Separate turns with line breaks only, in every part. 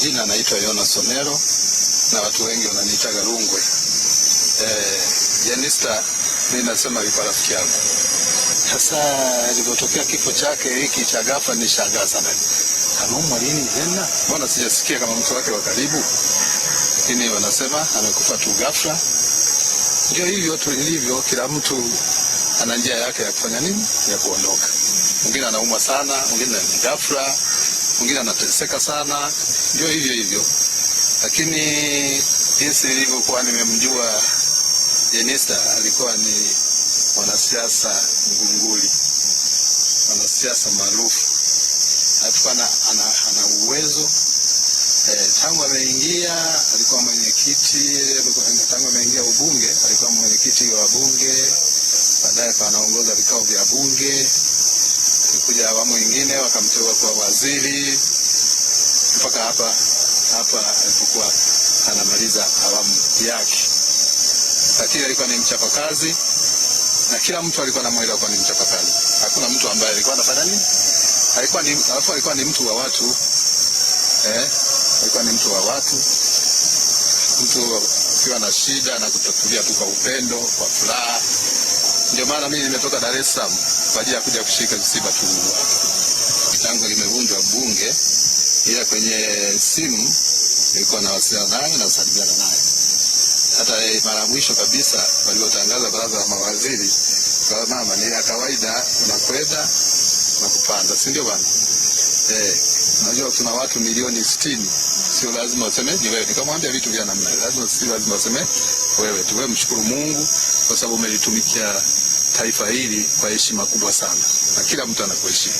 majina naitwa Yona Somero na watu wengi wananiitaga Rungwe. Eh, Jenista mimi nasema yuko rafiki yangu. Sasa ilipotokea kifo chake hiki cha ghafla ni nishangaa sana. Anaumwa lini tena? Mbona sijasikia kama mtu wake wa karibu? Lakini wanasema amekufa tu ghafla. Ndio hivyo tulivyo, kila mtu ana njia yake ya kufanya nini, ya kuondoka. Mwingine anaumwa sana, mwingine ni ghafla mwingine anateseka sana, ndio hivyo hivyo. Lakini jinsi ilivyokuwa nimemjua Jenista, alikuwa ni mwanasiasa ngunguli, mwanasiasa maarufu, alikuwa ana, ana uwezo E, tangu ameingia alikuwa mwenyekiti, tangu ameingia ubunge alikuwa mwenyekiti wa bunge, baadaye anaongoza vikao vya bunge kuja awamu nyingine wakamteua kuwa waziri mpaka hapa hapa alipokuwa anamaliza awamu yake. Lakini alikuwa ni mchapakazi na kila mtu alikuwa anamwelewa kuwa ni mchapakazi. Hakuna mtu ambaye alikuwa anafanya nini, alikuwa ni alafu, alikuwa ni mtu wa watu eh, alikuwa ni mtu wa watu, mtu ukiwa na shida na kutatulia tu kwa upendo, kwa furaha. Ndio maana mimi nimetoka Dar es Salaam kwa ajili ya kuja kushika msiba tu. Tangu limevunjwa bunge, ila kwenye simu nilikuwa nawasiliana naye na kusalimiana naye. Hata mara mwisho kabisa waliotangaza baraza la mawaziri kwa mama ni ya kawaida, unakwenda na kupanda, si ndio bwana? Eh, najua kuna watu milioni sitini sio lazima useme ni wewe. Nikamwambia vitu vya namna lazima, si lazima useme wewe tu. Wewe mshukuru Mungu kwa sababu umelitumikia taifa hili kwa heshima kubwa sana, na kila mtu anakuheshimu.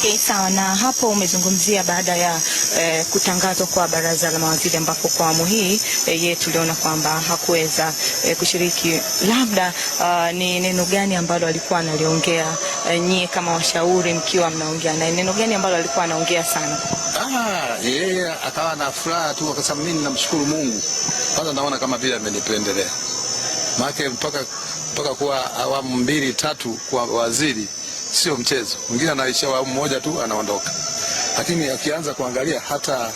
Okay, sawa. Na hapo umezungumzia baada ya eh, kutangazwa kwa baraza la mawaziri ambapo kwa awamu hii eh, yeye tuliona kwamba hakuweza eh, kushiriki. Labda uh, ni neno gani ambalo alikuwa analiongea eh, nyie kama washauri mkiwa mnaongea naye, neno gani ambalo alikuwa anaongea sana?
Ah, yeye yeah, akawa na furaha tu akasema, mimi ninamshukuru Mungu kwanza, naona kama vile amenipendelea maana mpaka mpaka kuwa awamu mbili tatu kwa waziri sio mchezo. Mwingine anaisha awamu moja tu anaondoka, lakini akianza kuangalia hata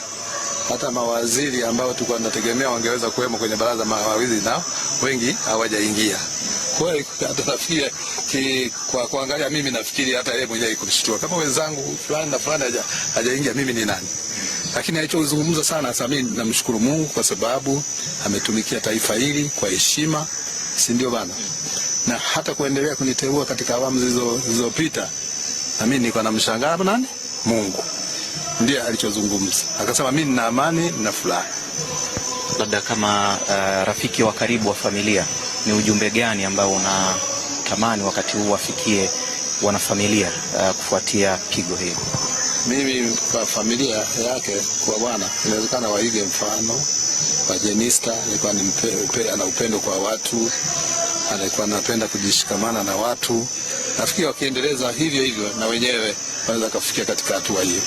hata mawaziri ambao tulikuwa tunategemea wangeweza kuwemo kwenye baraza mawaziri, na wengi hawajaingia. Kwa hiyo nafikiria kwa kuangalia, mimi nafikiri hata yeye mwenyewe ikumshtua kama wenzangu fulani na fulani hajaingia, mimi ni nani? Lakini alichozungumza sana, sasa mimi namshukuru Mungu kwa sababu ametumikia taifa hili kwa heshima si ndio bana? Na hata kuendelea kuniteua katika awamu zilizopita, na mimi niko namshangaa nani? Mungu ndiye alichozungumza, akasema mimi nina amani na furaha.
Labda kama uh, rafiki wa karibu wa familia, ni ujumbe gani ambao unatamani wakati huu wafikie wanafamilia uh, kufuatia pigo hili?
Mimi kwa familia yake, kwa bwana, inawezekana waige mfano wa Jenista, alikuwa ana upendo kwa watu, alikuwa anapenda kujishikamana na watu. Nafikiri wakiendeleza hivyo hivyo, na wenyewe wanaweza kufikia katika hatua hiyo.